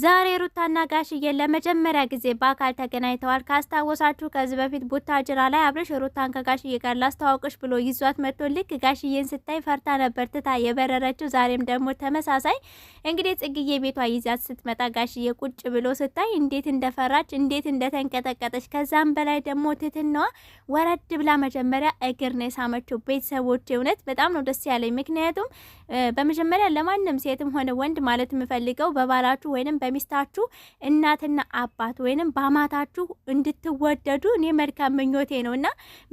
ዛሬ ሩታና ጋሽዬ ለመጀመሪያ ጊዜ በአካል ተገናኝተዋል። ካስታወሳችሁ ከዚህ በፊት ቡታጅራ ላይ አብረሽ ሩታን ከጋሽዬ ጋር ላስተዋውቅሽ ብሎ ይዟት መጥቶ ልክ ጋሽዬን ስታይ ፈርታ ነበር ትታ የበረረችው። ዛሬም ደግሞ ተመሳሳይ እንግዲህ ጽግዬ ቤቷ ይዛት ስትመጣ ጋሽዬ ቁጭ ብሎ ስታይ እንዴት እንደፈራች እንዴት እንደተንቀጠቀጠች፣ ከዛም በላይ ደግሞ ትትናዋ ወረድ ብላ መጀመሪያ እግር ነው የሳመችው። ቤተሰቦች እውነት በጣም ነው ደስ ያለኝ። ምክንያቱም በመጀመሪያ ለማንም ሴትም ሆነ ወንድ ማለት የምፈልገው በባላችሁ ወይም በሚስታችሁ እናትና አባት ወይንም በአማታችሁ እንድትወደዱ እኔ መልካም ምኞቴ ነው እና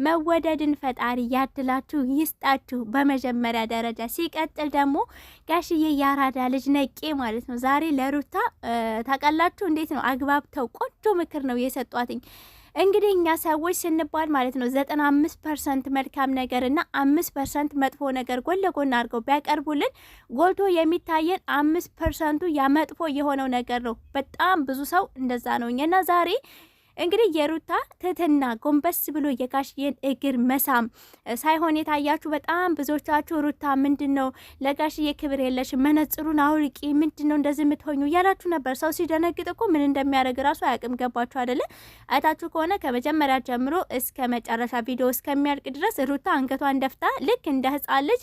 መወደድን ፈጣሪ ያድላችሁ ይስጣችሁ፣ በመጀመሪያ ደረጃ ሲቀጥል ደግሞ ጋሽዬ ያራዳ ልጅ ነቄ ማለት ነው ዛሬ ለሩታ ታቃላችሁ እንዴት ነው አግባብተው ቆንጆ ምክር ነው የሰጧትኝ። እንግዲህ እኛ ሰዎች ስንባል ማለት ነው ዘጠና አምስት ፐርሰንት መልካም ነገር እና አምስት ፐርሰንት መጥፎ ነገር ጎን ለጎን አድርገው ቢያቀርቡልን ጎልቶ የሚታየን አምስት ፐርሰንቱ ያመጥፎ የሆነው ነገር ነው። በጣም ብዙ ሰው እንደዛ ነው እና ዛሬ እንግዲህ የሩታ ትህትና ጎንበስ ብሎ የጋሽዬን እግር መሳም ሳይሆን የታያችሁ በጣም ብዙዎቻችሁ ሩታ ምንድን ነው ለጋሽዬ ክብር የለሽ፣ መነጽሩን አውልቂ፣ ምንድን ነው እንደዚህ የምትሆኙ እያላችሁ ነበር። ሰው ሲደነግጥ እኮ ምን እንደሚያደርግ ራሱ አያውቅም። ገባችሁ አይደለ? አይታችሁ ከሆነ ከመጀመሪያ ጀምሮ እስከ መጨረሻ ቪዲዮ እስከሚያልቅ ድረስ ሩታ አንገቷን ደፍታ ልክ እንደ ህፃን ልጅ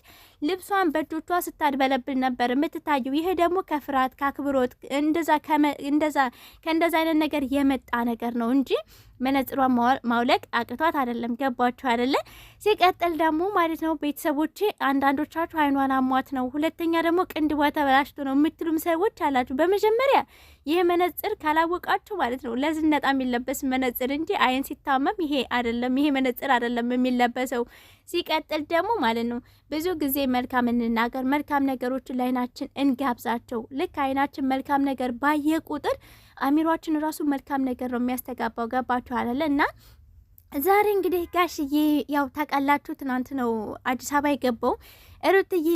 ልብሷን በእጆቿ ስታድበለብል ነበር የምትታየው። ይሄ ደግሞ ከፍርሃት ከአክብሮት እንደዛ ከእንደዛ አይነት ነገር የመጣ ነገር ነው። कंट्री መነጽሯን ማውለቅ አቅቷት አይደለም። ገባችሁ አይደለ? ሲቀጥል ደግሞ ማለት ነው ቤተሰቦቼ፣ አንዳንዶቻችሁ አይኗን አሟት ነው፣ ሁለተኛ ደግሞ ቅንድቧ ተበላሽቶ ነው የምትሉም ሰዎች አላችሁ። በመጀመሪያ ይህ መነጽር ካላወቃችሁ ማለት ነው ለዝነጣ የሚለበስ መነጽር እንጂ አይን ሲታመም ይሄ አይደለም፣ ይሄ መነጽር አይደለም የሚለበሰው። ሲቀጥል ደግሞ ማለት ነው ብዙ ጊዜ መልካም እንናገር፣ መልካም ነገሮችን ለአይናችን እንጋብዛቸው። ልክ አይናችን መልካም ነገር ባየ ቁጥር አሚሯችን ራሱ መልካም ነገር ነው የሚያስተጋባው። ገባችሁ? ሰምታችኋል እና ዛሬ እንግዲህ ጋሽዬ ያው ታውቃላችሁ፣ ትናንት ነው አዲስ አበባ የገባው ሩትዬ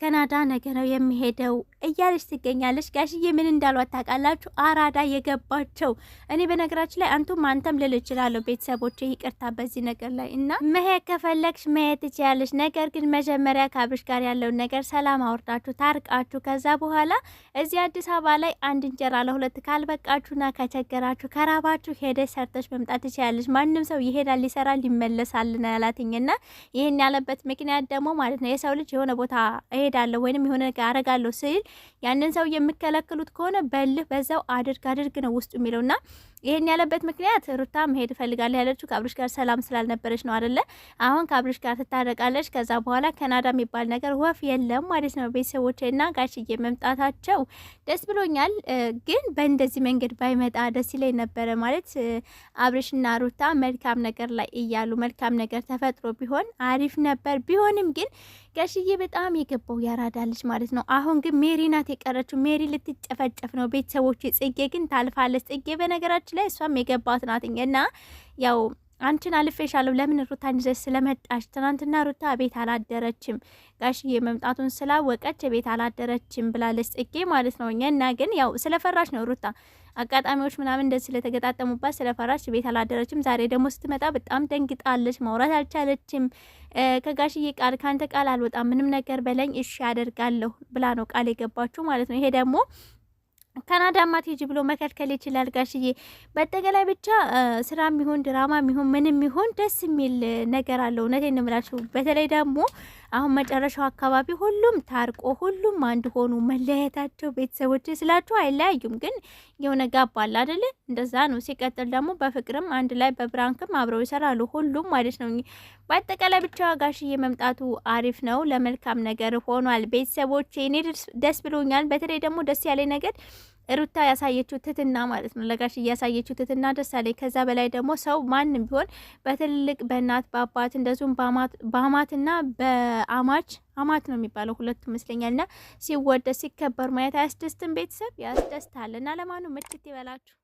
ካናዳ ነገ ነው የሚሄደው እያለች ትገኛለች። ጋሽዬ ምን እንዳሏት ታውቃላችሁ? አራዳ የገባቸው እኔ በነገራችን ላይ አንቱም አንተም ልል እችላለሁ። ቤተሰቦች ይቅርታ በዚህ ነገር ላይ እና መሄድ ከፈለግሽ መሄድ ትችያለሽ። ነገር ግን መጀመሪያ ከአብርሽ ጋር ያለውን ነገር ሰላም አውርዳችሁ ታርቃችሁ፣ ከዛ በኋላ እዚህ አዲስ አበባ ላይ አንድ እንጀራ ለሁለት ካልበቃችሁና ከቸገራችሁ ከራባችሁ ሄደሽ ሰርተሽ መምጣት ትችያለሽ። ማንም ሰው ይሄዳል፣ ሊሰራል፣ ይመለሳል ያላትኝና ይህን ያለበት ምክንያት ደግሞ ማለት ነው የሰው ልጅ የሆነ ቦታ እሄዳለሁ ወይንም የሆነ ነገር አረጋለሁ ስል ያንን ሰው የምከለክሉት ከሆነ በልህ በዛው አድርግ አድርግ ነው ውስጡ የሚለው ና ይህን ያለበት ምክንያት ሩታ መሄድ እፈልጋለሁ ያለችው ከአብርሽ ጋር ሰላም ስላልነበረች ነው አይደለ? አሁን ከአብርሽ ጋር ትታረቃለች። ከዛ በኋላ ካናዳ የሚባል ነገር ወፍ የለም ማለት ነው። ና ጋሽዬ መምጣታቸው ደስ ብሎኛል፣ ግን በእንደዚህ መንገድ ባይመጣ ደስ ይለኝ ነበረ ማለት ና ሩታ መልካም ነገር ላይ እያሉ መልካም ነገር ተፈጥሮ ቢሆን አሪፍ ነበር። ቢሆንም ግን ጋሽዬ በጣም የገባው ያራዳለች ማለት ነው። አሁን ግን ሜሪ ናት የቀረችው። ሜሪ ልትጨፈጨፍ ነው ቤተሰቦች። ጽጌ ግን ታልፋለች። ጽጌ በነገራችን ላይ እሷም የገባት ናትኝ እና ያው አንቺን አልፌሻለሁ። ለምን ሩታን ይዘሽ ስለመጣሽ? ትናንትና ሩታ ቤት አላደረችም፣ ጋሽዬ መምጣቱን ስላወቀች ቤት አላደረችም ብላለች ጽጌ ማለት ነው። እና ግን ያው ስለፈራሽ ነው ሩታ አጋጣሚዎች ምናምን እንደዚህ ስለተገጣጠሙባት ስለፈራሽ ቤት አላደረችም። ዛሬ ደግሞ ስትመጣ በጣም ደንግጣለች፣ ማውራት አልቻለችም። ከጋሽዬ ቃል ከአንተ ቃል አልወጣም ምንም ነገር በለኝ እሺ ያደርጋለሁ ብላ ነው ቃል የገባችሁ ማለት ነው። ይሄ ደግሞ ካናዳ ማትሄጂ ብሎ መከልከል ይችላል ጋሽዬ። በአጠቃላይ ብቻ ስራ የሚሆን ድራማ የሚሆን ምንም የሚሆን ደስ የሚል ነገር አለው። እውነቴን ነው የምላችሁ። በተለይ ደግሞ አሁን መጨረሻው አካባቢ ሁሉም ታርቆ ሁሉም አንድ ሆኑ። መለያየታቸው ቤተሰቦች ስላቸው አይለያዩም፣ ግን የሆነ ጋባ አለ አደለ? እንደዛ ነው። ሲቀጥል ደግሞ በፍቅርም አንድ ላይ በብራንክም አብረው ይሰራሉ ሁሉም ማለት ነው። በአጠቃላይ ብቻ ጋሽዬ መምጣቱ አሪፍ ነው፣ ለመልካም ነገር ሆኗል። ቤተሰቦች እኔ ደስ ብሎኛል። በተለይ ደግሞ ደስ ያለ ነገር ሩታ ያሳየችው ትትና ማለት ነው። ለጋሽ እያሳየችው ትትና ደስ አለኝ። ከዛ በላይ ደግሞ ሰው ማንም ቢሆን በትልቅ በእናት በአባት እንደዚሁም በአማትና አማች አማት ነው የሚባለው ሁለቱ ይመስለኛል። እና ሲወደድ ሲከበር ማየት አያስደስትም? ቤተሰብ ያስደስታል። እና ለማኑ ምችት ይበላችሁ።